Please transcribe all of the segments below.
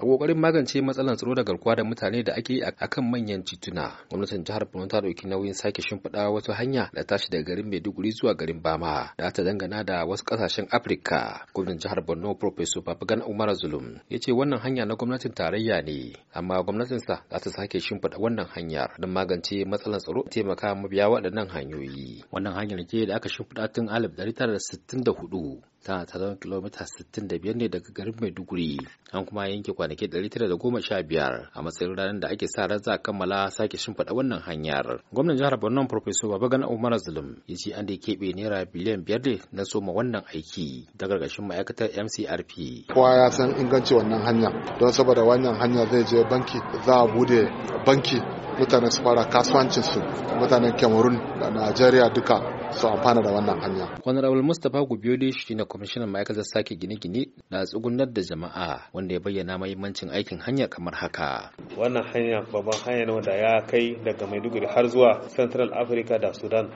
a kokarin magance matsalar tsaro da garkuwa da mutane da ake yi a kan manyan tituna gwamnatin jihar borno ta dauki nauyin sake shimfiɗa wata hanya da tashi daga garin maiduguri zuwa garin bama da ta dangana da wasu ƙasashen afirka gwamnatin jihar borno professor babagan umar zulum ya ce wannan hanya na gwamnatin tarayya ne amma gwamnatinsa za ta sake shimfiɗa wannan hanyar don magance matsalar tsaro taimaka mabiya waɗannan hanyoyi wannan hanyar ce da aka shimfiɗa tun 1964 tana tazarar kilomita 65 ne daga garin Maiduguri an kuma yanke kwanaki 915 a matsayin ranar da ake sa ran za kammala sake shimfiɗa wannan hanyar. Gwamnan jihar Borno Professor Babagana Umar Zulum ya ce an da keɓe naira biliyan biyar ne na soma wannan aiki da gargashin ma'aikatar MCRP. Kowa ya san inganci wannan hanya don saboda wannan hanya zai je banki za a bude banki mutane su fara kasuwancinsu mutanen Cameroon da nigeria duka su amfana da wannan hanya. Honorable Mustapha Gubiode shi ne kwamishinan ma'aikatar sake gine-gine na tsugunar da jama'a wanda ya bayyana mahimmancin aikin hanya kamar haka wannan hanya babban hanya ne wanda ya kai daga maiduguri har zuwa central africa da sudan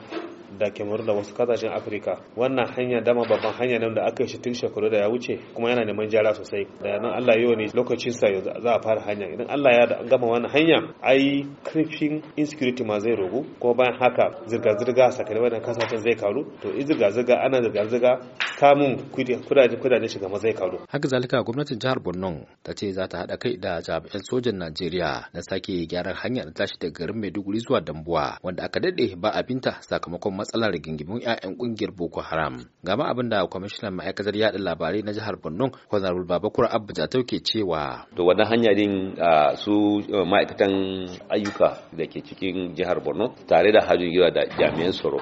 da ke da wasu kasashen afirka wannan hanya dama babban hanya nan da aka yi shi tun shekaru da ya wuce kuma yana neman jara sosai da yanan allah yau ne lokacin sa za a fara hanya idan allah ya gama wannan hanya ai karfin insecurity ma zai rogu ko bayan haka zirga-zirga sakamakon wannan kasashen zai karu to in zirga-zirga ana zirga-zirga samun kudaje kudaje shiga ma zai karu haka zalika gwamnatin jihar borno ta ce za ta haɗa kai da jami'an sojan najeriya na sake gyaran hanyar tashi daga garin maiduguri zuwa dambuwa wanda aka daɗe ba abinta sakamakon matsalar rigingimun 'ya'yan kungiyar Boko Haram. Gama abin da kwamishinan ma'aikatar yaɗa labarai na jihar Borno, Honorable Babakura Abba Jatau ke cewa. To wannan hanya din su e, ma'aikatan ayyuka da ke cikin jihar Borno tare da hajjin gida da jami'an tsaro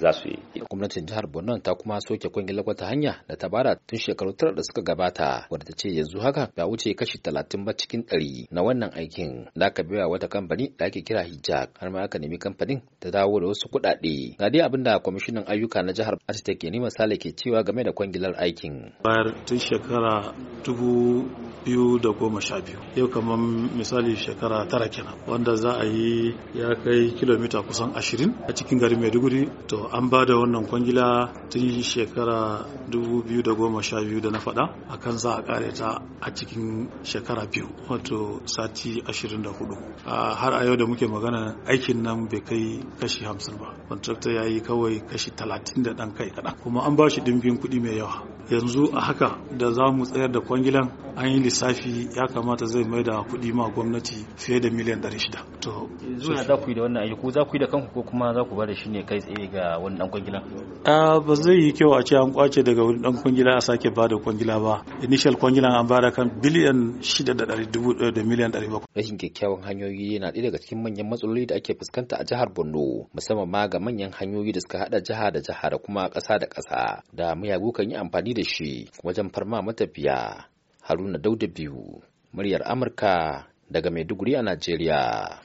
za su yi. Gwamnatin jihar Borno ta kuma soke kwangilar wata hanya da ta bara tun shekaru tara da suka gabata wadda ta ce yanzu haka ya wuce kashi talatin ba cikin ɗari na wannan aikin da aka biya wata kamfani da ake kira hijab har ma aka nemi kamfanin ta dawo da wasu kuɗaɗe. Ga dai abin da kwamishinan ayyuka na jihar Arta ke nima sale ke cewa game da kwangilar aikin. Bayar tun shekara dubu biyu da goma sha biyu yau kamar misali shekara tara kenan wanda za a yi ya kai kilomita kusan ashirin a cikin garin Maiduguri to an ba da wannan kwangila tun shekara 2012 da na faɗa kan za a kare ta a cikin shekara biyu wato sati 24 har a yau da muke magana aikin nan bai kai kashi 50 ba kontrakta ya yi kawai kashi 30 da ɗan kai kaɗan kuma an ba shi dimbin kuɗi mai yawa yanzu a haka da za mu tsayar da kwangilan an yi lissafi ya kamata zai mai da kuɗi ma gwamnati fiye da miliyan 600 to zuwa za ku yi da wannan ayyuku za ku yi da kanku ko kuma za ku ba da shi ne kai tsaye ga wani dan kwangilan ba zai yi kyau a ce an kwace daga wani dan kwangila a sake ba da kwangila ba initial kwangilan an bada kan biliyan 600 da miliyan 700 rashin kyakkyawan hanyoyi yana ɗaya daga cikin manyan matsaloli da ake fuskanta a jihar Borno musamman ma ga manyan hanyoyi da suka hada jiha da jiha da kuma ƙasa da ƙasa da miyagu kan yi amfani da da shi wajen farma matafiya haruna dauda biyu muryar amurka daga maiduguri a najeriya